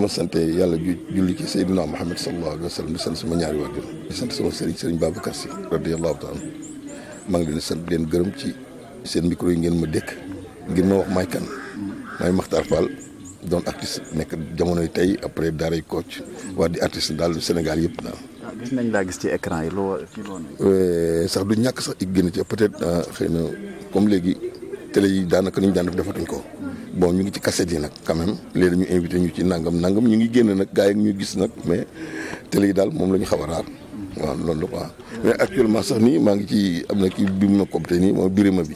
su ma sante yàlla ju julli ci Seydina Muhammad sallallahu alayhi wa sallam di sant sama ñaari waajur di sant sama sëriñ sëriñ Babacar Si radiyallahu taala maa ngi leen di sant leen gërëm ci seen micro yi ngeen ma dékk ngir ma wax maay kan maay Makhtar Fall doon artiste nekk jamonoy tey après daaray coach waa di artiste daal Sénégal yëpp daal ah, gis nañ gis ci écran yi loo euh, sax du ñàkk sax i génn ci peut-être euh, xëy na comme léegi télé yi daanaka ni ñu daan def defatuñ ko bon ñu ngi ci cassette yi nag quand même ñu invité ñu ci nangam nangam ñu ngi génn nag gars yi ñu gis nag mais télé yi daal moom la ñu xaw a raar waaw loolu la quoi mais actuellement sax nii maa ngi ci am na ki bi mu ma compté nii moom birima bi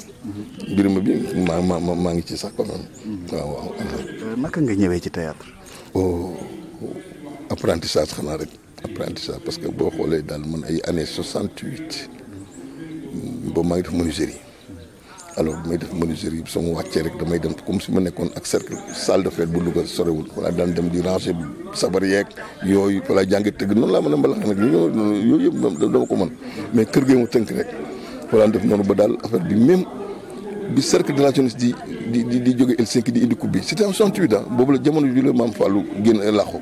birima bi maa ma maa ngi ci sax quand même waaw euh, nga ñëwee ci théâtre oh apprentissage xanaa rek apprentissage parce que boo xoolee daal mën ay années soixante-huit boobu maa ngi def menuiserie alors bu may def menuiserie bi soo ma wàccee rek damay dem comme si ma nekkoon ak cercle salle de fête bu Louga sorewul wala daan dem di ranger sabar yeeg yooyu wala jàngi tëgg noonu laa mën a mbalax nag yooyu yëpp dama ko mën mais kër gee ma tënk rek wala def noonu ba daal affaire bi même bi cercle de la jeunesse di di di di jóge Helsinki di indi coupe bi c'était en 68 ans boobu la jamono ju la maam Fallou génn laaxu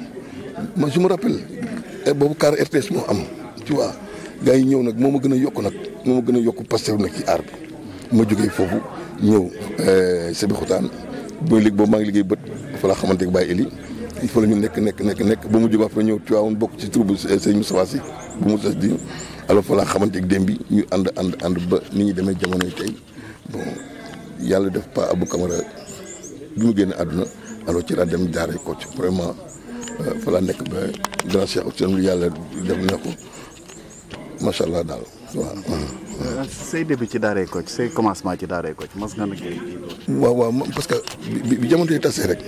ma je me rappelle eh, boobu car RTS moo am tu vois gars yi ñëw nag moo ma gën a yokk nag moo ma gën a yokk Pastef nag ci aar bi ma jógee foofu ñëw euh, Sébikotane booy liggéey boobu maa ngi liggéey bët fa laa xamante baay Eli il faut la ñu nekk nekk nekk nekk ba mu jóg après ñëw Tivaouane bokk ci troupe sëñ Moustapha si bu mu sas di alors fa laa xamante démb bi ñu ànd ànd ànd ba ni ñu demee jamonoy tey bon yàlla def pas Abou Camara bi mu génn àdduna alors ci laa dem jaaree ko ci vraiment euh, fa laa nekk ba grand cheikh Ousseynou yàlla def na ko macha allah daal waaw. say début ci daaree Kocc say commencement ci daaree Kocc mas nga nag waaw waaw parce que bi jamono yi tasee rek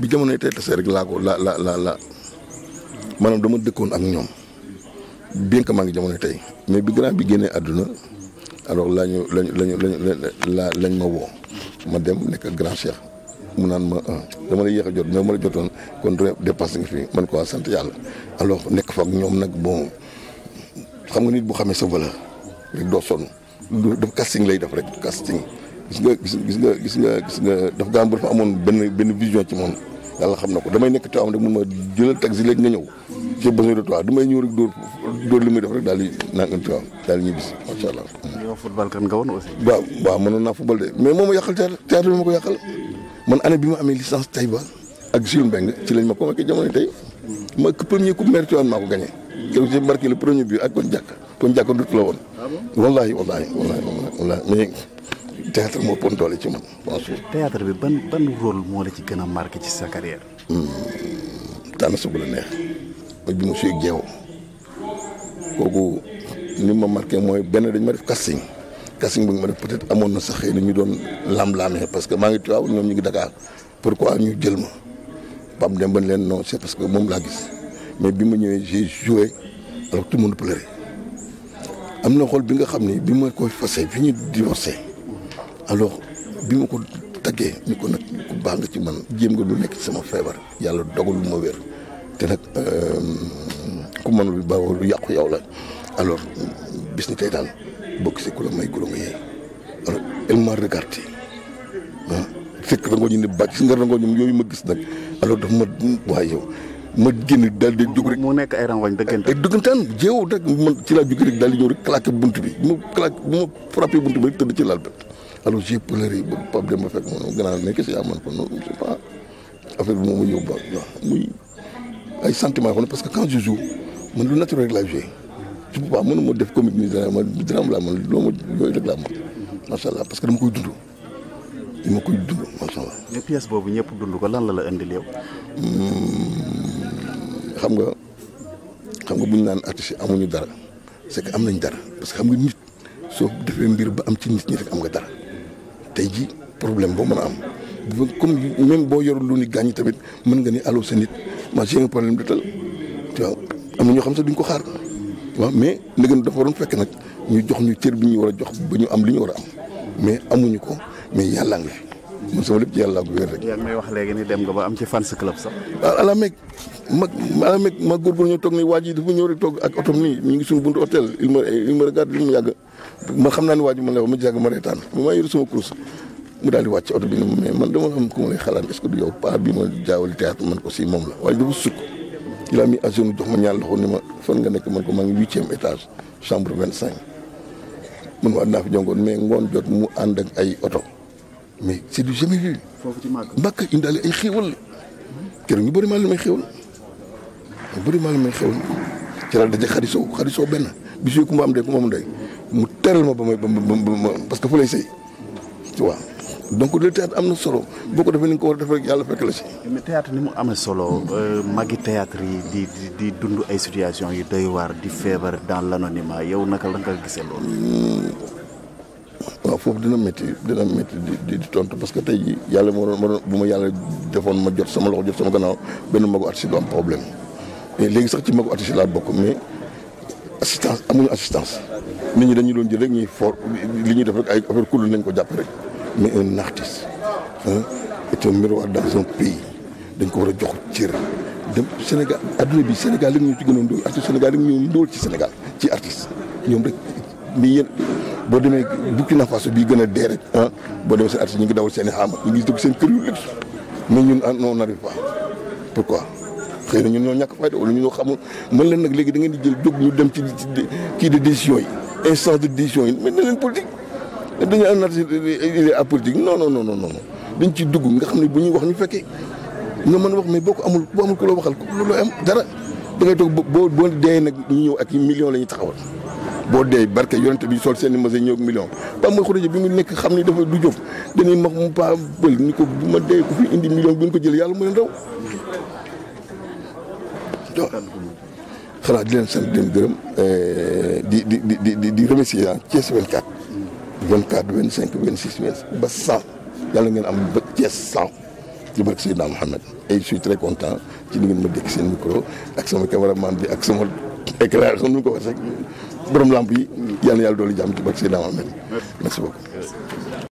bi jamono yi tasee rek laa ko laa la la la maanaam dama dëkkoon ak ñoom bien que maa jamono tey mais bi grand bi génnee àdduna alors laa ñu lañ lañu la lañ ma woo ma dem nekk grand chef mu naan ma ah, dama lay yéex a jot mais ma la jotoon kon dépassé nga fi man ko sant yàlla alors nekk fa ak ñoom nag bon xam nga nit bu xamee sa valeur rek doo sonn dafa casting lay def rek casting gis nga gis nga gis nga gis nga dafa gàllankoor dafa amoon benn benn vision ci moom yàlla xam na ko damay nekk taawam rek mun ma jëlal taxi léegi nga ñëw. ci besoin de toi damay ñëw rek dóor dóor li muy rek daal di naan taawam daal di ñibbi si allah. football kan nga woon aussi. waaw waaw mënoon naa football de mais moom ma yàqal théâtre théâtre bi ma ko yàqal man année bi ma amee licence Taïba ak Jules Mbengue ci lañ ma convoqué jamono tey ma premier coupe maire Tivaouane maa ko gagné. keroog ci marqué la woon. wallahi wallahi wallahi wallahi mais théâtre moo pon doole ci man. théâtre bi ban ban rôle moo la ci gën a marqué ci sa carrière. Hmm, su bu la neex ak bi ma suy jeew kooku li ma marqué mooy benn dañ ma def casting casting bu ñu ma def peut-être amoon na sax xëy ñu doon lam-laamee parce que maa ngi tubaab ñoom ñu ngi Dakar pourquoi ñu jël ma pam dem ba leen non c'est parce que moom laa gis mais bi ma ñëwee j'ai joué alors tout le monde am na xool bi nga xam ni bi ma koy fase bi ñu divorcé alors bi ma ko taggee ñu ko nag ku baax nga ci man jéem nga lu nekk sama feebar yàlla dogal lu ma wér te nag euh, ku mënul ba baaxoo lu yàqu yow la alors bis ni bokk si ku la may ku la nga yeey alors elle m'a regardé ah, fekk rango ñu ne bàcc nga rango ñu yooyu ma gis nag alors dafa ma waaye yow ma génn daal di jóg rek. mu nekk ay rangoñ dëggantaan dëggantaan jéew rek man ci laa jóg rek daal di ñëw rek claqué bunt bi bu ma claqué bu ma frappé bunt bi rek tëdd ci laal bi alors j'ai pleuré ba Pape Demba fekk ma ne gannaaw mais qu'est-ce que yaa man ko non je sais pas affaire bi moom ma ñëw ba muy ay sentiments yoo xam ne parce que quand je joue man lu naturel rek laa joué je peux pas mën ma def comique ni dara ma drame laa man loo ma yooyu rek laa man macha allah parce que dama koy dund. dama koy dund macha allah. mais pièce boobu ñëpp dund ko lan la la indil yow. Hmm. xam nga xam nga bu ñu naan artiste amuñu dara c'est que am nañ dara parce que xam nga nit soo defee mbir ba am ci nit ñi rek am nga dara tey ji problème boo mën a am comme même boo yorul lu ni gaañ tamit mën nga ni allo sa nit ma j'ai un problème de tel am na ñoo xam sax duñ ko xaar waaw mais ndegam dafa waroon fekk nag ñu jox ñu cër bi ñu war a jox ba ñu am lu ñu war a am mais amuñu ko mais yàlla ngi fi man sama lépp ci yàlla ko wér rek. may wax léegi ni dem nga ba am ci fans club sax. à ah, ah, la Mecque ma ma mec ma góorgóorlu ñëw toog ni waa ji dafa ñëw rek toog ak otom nii ñu ngi suñu buntu hôtel il ma il ma regarde li mu yàgg ma xam naa ne waa ji ma la ma jàng ma reetaan ma maa yor sama course mu daal di wàcc oto bi ne mais man dama am ku ma lay xalaat est-ce que du yow paa bi ma jaawali théâtre man ko si moom la waaye dafa sukk il a mis à jour jox ma ñaar loxo ni ma fan nga nekk man ko maa ngi huitième étage chambre vingt cinq man waa naa fi jongoon mais ngoon jot mu ànd ak ay oto mais c'est du jamais vu. foofu ci màkk màkk indaale ay xéwal keroog ñu bëri maa leen may xéwal mais bëri maa ngi may xewal ci la daje xarisoo xarisoo benn bis yooyu ku ma am ndey ku ma am ndey mu teral ma ba may ba ma parce que fa lay sëy tu vois donc le théâtre am na solo boo ko defee ni nga ko war a defee yàlla fekk la si. mais théâtre ni mu amee solo euh, magi théâtre yi di di di dund ay situation yu doy waar di feebar dans l' anonymat yow naka la nga gisee loolu. Hmm. waaw foofu dina métti dina métti di di tontu parce que tey jii yàlla moo doon ma doon bu ma yàlla defoon ma jot sama loxo jot sama gannaaw benn magu at si du am problème. léegi sax ci magu artiste laa bokk mais assistance amuñu assistance nit ñi dañu doon jël rek ñuy for li ñuy def rek ay affaire kuréel nañ ko jàpp rek mais un artiste est un miroir dans un pays dañ ko war a jox cër dem Sénégal adduna bi Sénégal li ñu ci gënoon ndóol artiste ñu ndóol ci Sénégal ci artiste ñoom rek ni yéen boo demee Burkina Faso bii gën a dee rek boo demee seen artiste ñu ngi dawal seen i xaama ñu ngi dugg seen kër yu lépp mais ñun ah non on n'arrive pas pourquoi xëy na ñun ñoo ñàkk fayda wala ñun xamul mën leen nag léegi da ngeen di jël jóg ñu dem ci kii de décision yi instance de décision yi mais na leen politique dañu am naat il est à dugg nga xam ne bu ñuy wax ñu fekkee nga mën a wax mais boo ko amul boo amul ku la waxal ko loo am dara da ngay toog boo boo dee nag ñu ñëw ak yi millions la ñuy taxawal boo dee barke yonent bi sol seen ma mos a ñëw million ba mooy xurajë bi mu nekk xam ni dafa du jëf dañuy max mu pa bël ni ko bu ma dee ku fi indi million bi ñu ko jël yàlla mu leen raw waaw xanaa di leen sant di leen gërëm eh, di di di di di remercier daal Thiès 24. 24 25 26 27 ba 100 yàlla ngeen am ba Thiès 100 ci barke Seydina Mouhamed et je suis très content ci li ngeen ma dégg seen micro ak sama cameraman bi ak sama éclairage nu mu ko waxee borom lamp yi yàlla na yàlla doolu jàmm ci barke Seydina Mouhamed merci beaucoup.